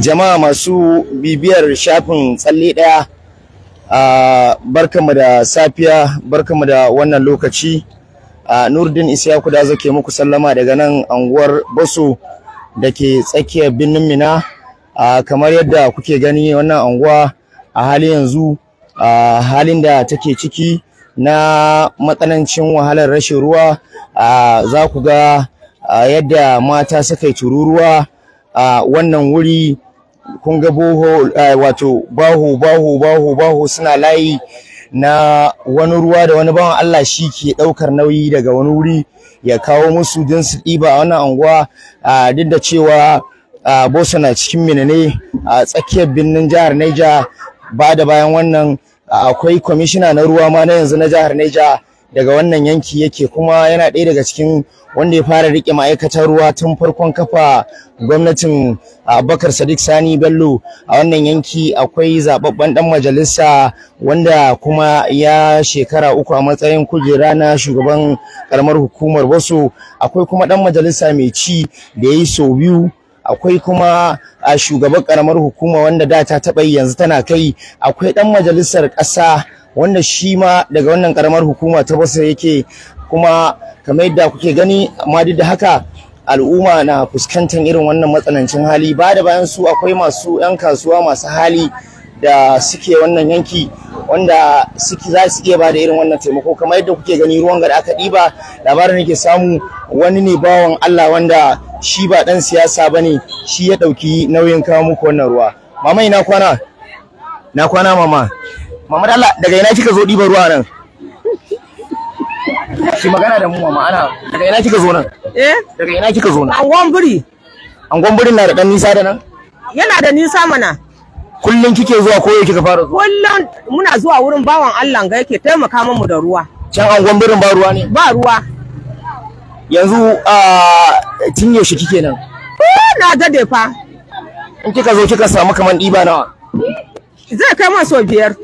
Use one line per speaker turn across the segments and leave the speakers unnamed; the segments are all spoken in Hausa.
jama'a masu bibiyar shafin tsalle ɗaya a barkanmu da safiya barkanmu da wannan lokaci a nurdin ku da zake muku sallama daga nan anguwar Basu da ke tsakiyar birnin mina a kamar yadda kuke gani wannan anguwa a hali yanzu a halin da take ciki na matsanancin wahalar rashin ruwa a za ku ga yadda mata suka yi tururuwa a wannan wuri kun ga boho eh, wato bahu bahu bahu bahu suna layi na wani ruwa da wani bawan Allah shi ke ɗaukar nauyi daga wani wuri ya kawo musu don su ɗiba a wannan anguwa duk da cewa boso na cikin minane a tsakiyar birnin jihar Neja ba da bayan wannan akwai kwamishina na ruwa ma na yanzu na jihar Neja daga wannan yanki yake kuma yana ɗaya daga cikin wanda ya fara rike ma'aikatar ruwa tun farkon kafa gwamnatin abubakar sadiq sani bello a wannan yanki akwai zababben ɗan majalisa wanda kuma ya shekara uku a matsayin kujera na shugaban karamar hukumar wasu akwai kuma ɗan majalisa mai ci da ya yi sau biyu akwai kuma a shugaban karamar hukuma wanda da ta taɓa yanzu tana kai akwai ɗan majalisar ƙasa wanda shi ma daga wannan karamar hukuma ta Basa yake kuma kamar yadda kuke gani amma duk da haka al'umma na fuskantar irin wannan matsanancin hali ba da bayan su akwai masu 'yan kasuwa masu hali da suke wannan yanki wanda suke za su iya da irin wannan taimako kamar yadda kuke gani ruwan gada aka ɗiba labarin nake samu wani ne bawan Allah wanda shi ba ɗan siyasa ba ne shi ya ɗauki nauyin kawo muku wannan ruwa mama ina kwana na kwana mama Mama Allah daga ina kika zo diba ruwa nan? Ki magana da mu mama ana daga ina kika zo nan?
Eh? Daga ina kika zo nan? Angon buri. Angon burin na da ɗan nisa da nan? Yana da nisa mana. Kullum kike zuwa ko kika fara zuwa? Kullum muna zuwa wurin bawan Allah ga yake taimaka mu da ruwa. Can angon burin ba ruwa ne? Ba ruwa. Yanzu a tun yaushe kike nan? Na dade fa.
In kika zo kika samu kaman diba nawa? Zai kai man so biyar.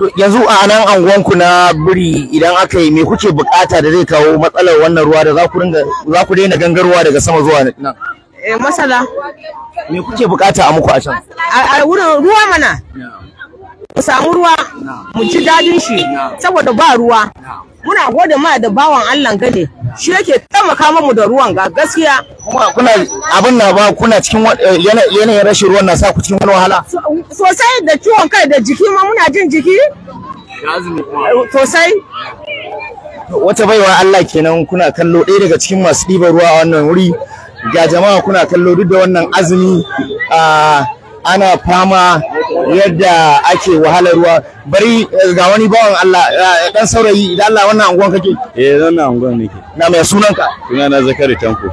To yanzu a nan anguwanku na biri idan aka yi me kuke bukata da zai kawo matsalar wannan ruwa da za ku daina gangarwa daga sama zuwa nan?
Eh masala. Me kuke bukata a muku a can? A wurin ruwa mana. mu samu ruwa mu ji dadin shi saboda ba ruwa muna gode ma da bawan Allah gane shi yake taimaka mu da ruwan ga gaskiya kuma kuna
abin na ba kuna cikin eh, yanayin rashin ruwan na sa ku cikin wani wahala
sosai da ciwon kai da jiki ma muna jin jiki sosai
wata baiwa Allah kenan kuna kallo ɗaya daga cikin masu ɗiban ruwa a wannan wuri ga jama'a kuna kallo duk da wannan azumi a ah, ana fama yadda ake wahalar ruwa bari eh, ga wani bawan Allah dan eh, saurayi idan Allah wannan angon kake eh wannan angon nake na mai sunanka sunana Zakari Tanko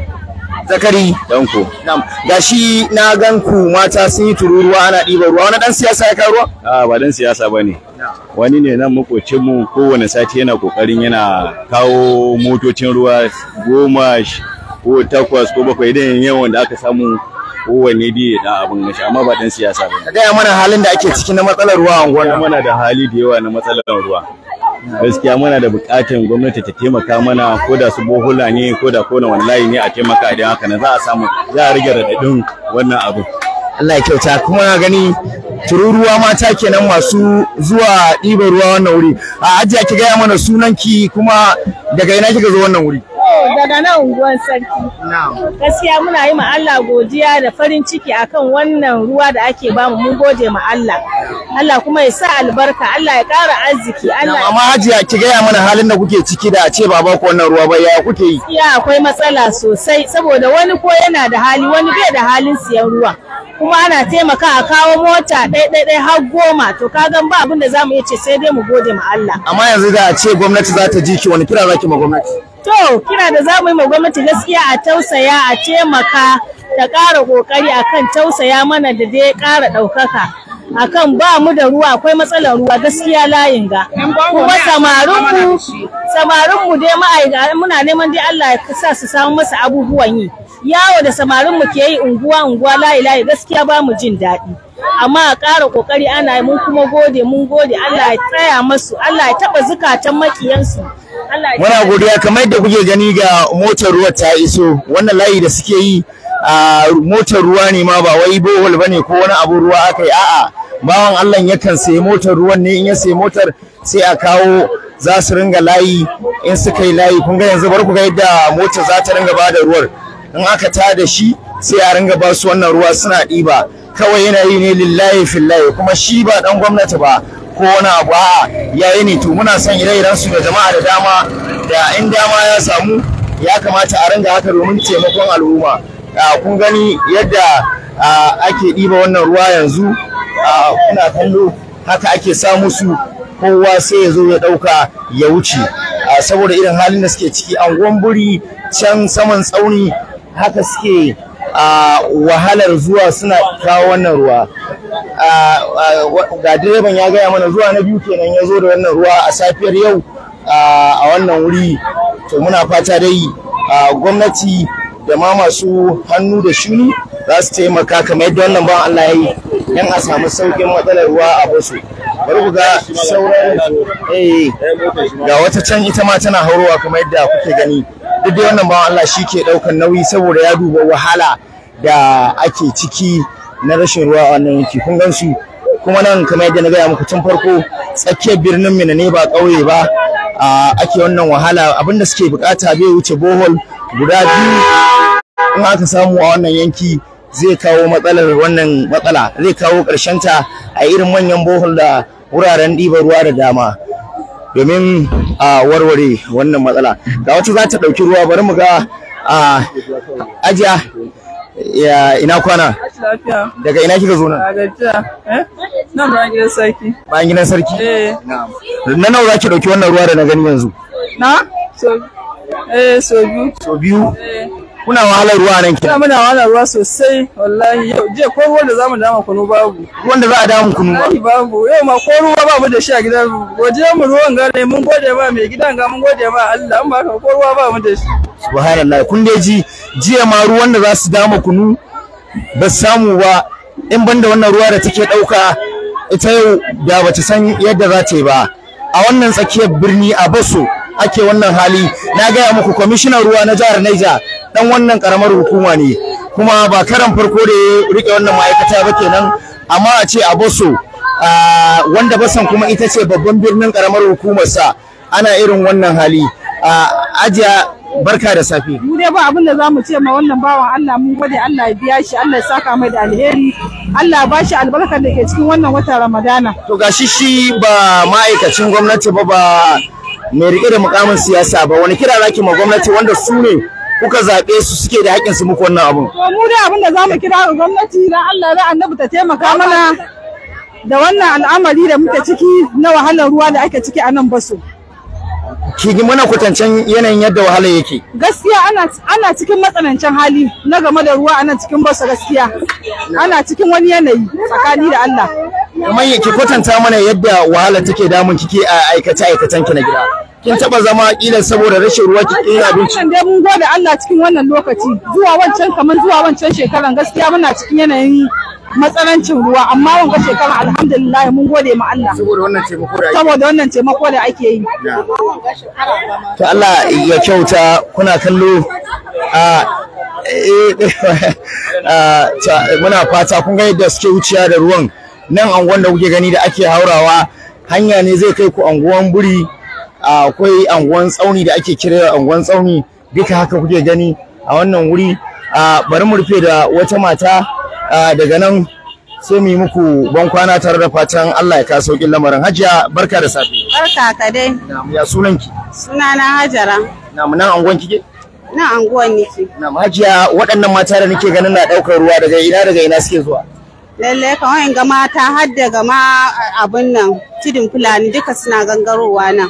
Zakari Tanko na'am gashi na ganku mata sun yi tururuwa ana ɗiba ruwa wani dan siyasa ya kawo ruwa a ba dan siyasa bane wani ne nan makocin mu kowane sati yana kokarin yana kawo motocin ruwa goma ko takwas ko bakwai idan yawan da aka samu kowanne biye da abin gashi amma ba dan siyasa ba gaya mana halin da ake ciki na matsalar ruwa a muna da hali da yawa na matsalar ruwa gaskiya muna da bukatan gwamnati ta taimaka mana ko da su bohula ne ko da kona wallahi ne a taimaka idan haka na za a samu za a rage radadin wannan abin Allah ya kyauta kuma na gani tururuwa mata kenan masu zuwa ɗiban ruwa wannan wuri a ajiya ki gaya mana sunanki kuma daga ina kika zo wannan wuri
daga nan unguwan sarki. Gaskiya muna yi ma Allah godiya da farin ciki akan wannan ruwa da ake bamu mun gode ma Allah. Allah kuma ya sa albarka, Allah ya ƙara arziki. Allah amma
hajiya ki gaya mana halin da kuke ciki da a ce ba ku wannan ruwa ba ya kuke yi?
Iya akwai matsala sosai saboda wani ko yana da hali wani bai da halin siyan ruwa. kuma ana taimaka a kawo mota ɗaiɗaiɗai har goma to ka gan ba abin da zamu mu ce sai dai mu gode ma Allah. Amma
yanzu da a ce gwamnati za ta ji ki wani kira za ki ma gwamnati?
To, Kina da za mu yi ma gwamnati gaskiya a tausaya a taimaka ta ƙara ƙoƙari akan tausaya mana da dai ƙara ɗaukaka. akan ba mu da ruwa akwai matsalar ruwa gaskiya layin ga kuma samarin mu dai muna neman dai Allah ya sa su samu masa abubuwan yi yawo da samarin mu ke yi unguwa unguwa layi layi gaskiya ba mu jin daɗi amma a ƙara ƙoƙari ana mun kuma gode mun gode Allah ya tsaya masu Allah ya taɓa zukatan makiyansu muna godiya
kamar yadda kuke gani ga motar ruwa ta iso wannan layi da suke yi a motar ruwa ne ma ba wai bohol bane ko wani abu ruwa aka yi a'a bawan Allah yakan sayi motar ruwan ne in ya sayi motar sai a kawo za su ringa layi in suka yi layi kun ga yanzu bar ku ga yadda motar za ta ringa bada ruwar in aka ta da shi sai a ringa ba su wannan ruwa suna ɗiba kawai yana yi ne lillahi fillahi kuma shi ba dan gwamnati ba ko wani abu a yayi ne to muna son ire-iren su da jama'a da dama da in dama ya samu ya kamata a ringa haka domin taimakon al'umma kun gani yadda ake ɗiba wannan ruwa yanzu kuna kallo haka ake samu su kowa sai ya zo ya ɗauka ya wuce saboda irin halin da suke ciki anguwan buri can saman tsauni haka suke wahalar zuwa suna kawo wannan ruwa ga direban ya gaya mana zuwa na biyu kenan ya zo da wannan ruwa a safiyar yau a wannan wuri to muna fata dai gwamnati da ma masu hannu da shuni za su taimaka kamar yadda wannan ban Allah ya yi yan a samu saukin matsalar ruwa a basu bari ku ga sauran eh, ga wata can ita ma tana haurowa kamar yadda kuke gani duk da wannan bawan Allah shi ke ɗaukan nauyi saboda ya duba wahala da ake ciki na rashin ruwa a wannan yanki kun gan su kuma nan kamar yadda na gaya muku tun farko tsakiyar birnin mina ne ba ƙauye ba ake wannan wahala abinda suke bukata bai wuce bohol guda biyu in aka samu a wannan yanki zai kawo matsalar wannan matsala zai kawo ta a irin manyan bohol da wuraren ɗiban ruwa da dama domin a warware wannan matsala ga wata za ta ɗauki ruwa bari mu ga a ajiya ina kwana
daga ina kika zo nan eh? nan bayan gidan sarki ba
gidan sarki eh. na nawa za ki ɗauki wannan ruwa da na gani yanzu
na so eh, biyu so biyu kuna wahalar ruwa nan kenan
muna wahalar ruwa sosai wallahi yau je ko ruwa da zamu dama kunu babu wanda za a dama kunu ba babu yau ma ko ruwa ba mu da shi a gidan waje
mu ruwan gare mun gode ba mai gidan ga mun gode ba Allah amma ka ko ruwa ba mu da shi
subhanallah kun dai ji jiya ma ruwan da za su dama kunu ba samu ba in banda wannan ruwa da take dauka ita yau da bata san yadda za ta yi ba a wannan tsakiyar birni a baso ake wannan hali na gaya muku kwamishinan ruwa na jihar Niger dan wannan karamar hukuma ne kuma ba karan farko da ya rike wannan ma'aikata ba kenan amma a ce a boso wanda basan kuma ita ce babban birnin karamar hukumar sa ana irin wannan hali ajiya barka da safe
mu dai ba abin da zamu ce ma wannan bawan Allah mun gode Allah ya biya shi Allah ya saka mai da alheri Allah ba shi albarkar da ke cikin wannan wata Ramadana to
gashi shi ba ma'aikacin gwamnati ba ba mai rike da mukamin siyasa ba wani kira zaki ma gwamnati wanda su ne kuka zaɓe su suke da haƙƙin su muku wannan abun.
To mu dai abin da zamu kira ga gwamnati na Allah da Annabi ta taimaka mana da wannan al'amari da muke ciki na wahalar ruwa da ake ciki a nan basu. Ki mana kwatancen yanayin yadda wahala yake. Gaskiya ana ana cikin matsanancin hali na game da ruwa a nan cikin basu gaskiya. Ana cikin wani yanayi tsakani da Allah.
Kamar ki kwatanta mana yadda wahala take damun kike a aikace aikacen ki na gida. kin taba zama kila saboda rashin ruwa ki kila abinci
wannan dai mun gode Allah cikin wannan lokaci zuwa wancan kamar zuwa wancan shekaran gaskiya muna cikin yanayin matsanancin ruwa amma wanga shekara alhamdulillah mun gode ma Allah saboda wannan taimako da saboda wannan taimako da ake yi
to Allah
ya kyauta kuna kallo a eh, muna fata kun ga yadda suke wuciya da ruwan nan anguwan da kuke gani da ake haurawa hanya ne zai kai ku anguwan buri akwai anguwan tsauni da ake kira anguwan tsauni duka haka kuke gani a wannan wuri bari mu rufe da wata mata daga nan sai mu yi muku ban kwana tare da fatan Allah ya ka saukin lamarin hajiya barka da safe
barka ka dai ya sunan ki sunana hajara
na'am nan anguwan kike
na anguwan nake na'am hajiya waɗannan mata da nake ganin na
ɗaukar ruwa daga ina daga ina suke zuwa
lallai ka wayan ga mata har daga ma abin nan tidin fulani duka suna gangarowa nan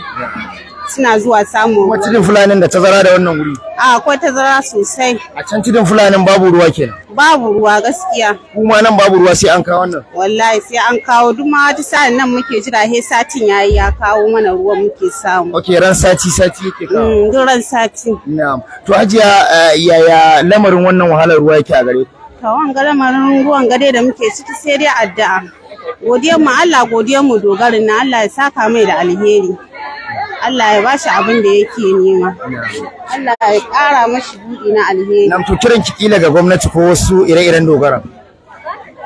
suna zuwa samu kuma tidin fulanin da tazara da wannan wuri a akwai tazara sosai a can tidin fulanin babu ruwa kenan babu ruwa gaskiya kuma nan babu ruwa sai an kawo wannan wallahi sai an kawo duk ma ta sa'in nan muke jira he satin yayi ya kawo mana ruwa muke samu okay
ran sati sati yake kawo mm, duk ran sati na'am to hajiya eh, yaya lamarin wannan wahalar ruwa yake a gare ku
Kawan wanga lamarin ruwan gade da muke ciki sai dai addu'a godiyar mu Allah godiyar mu dogarin na Allah ya saka mai da alheri Allah ya bashi abin da yake nema Allah ya kara mashi buɗi na alheri Nan to kiran
ki kila ga gwamnati ko wasu ire-iren dogara.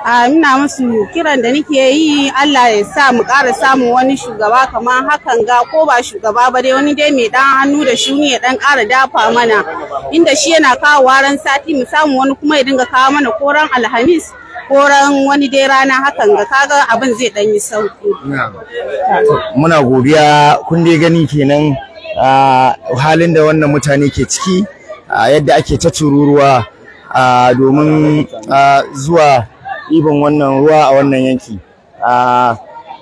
a ina musu kiran da nake yi Allah ya sa mu ƙara samun wani shugaba kamar hakan ga ko ba shugaba ba dai wani dai mai dan hannu da shuni ya dan ƙara dafa mana inda shi yana kawo waran sati mu samu wani kuma ya dinga kawo mana koran alhamis koran wani dai rana hakan ga kaga abin zai dan yi sauki
muna godiya kun dai gani kenan halin da wannan mutane ke ciki yadda ake ta tururuwa domin zuwa ɗiban wannan ruwa a wannan yanki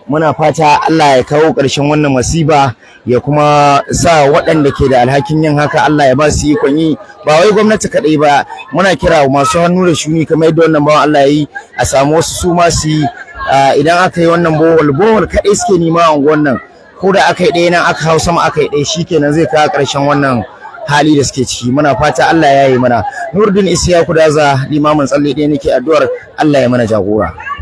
muna fata Allah ya kawo ƙarshen wannan masiba ya kuma sa waɗanda ke da alhakin yin haka Allah ya ba su ikon yi ba wai gwamnati kaɗai ba muna kira masu hannu da shuni kamar yadda wannan bawan Allah ya yi a samu wasu su ma su yi idan aka yi wannan bohol bohol kaɗai suke nema a unguwan nan ko da aka yi ɗaya nan aka hau sama aka yi ɗaya shikenan zai kawo ƙarshen wannan hali da suke ciki muna fata
Allah ya yi mana Nurdin Isiya Kudaza limamin tsalle ɗaya nake addu'ar Allah ya mana jagora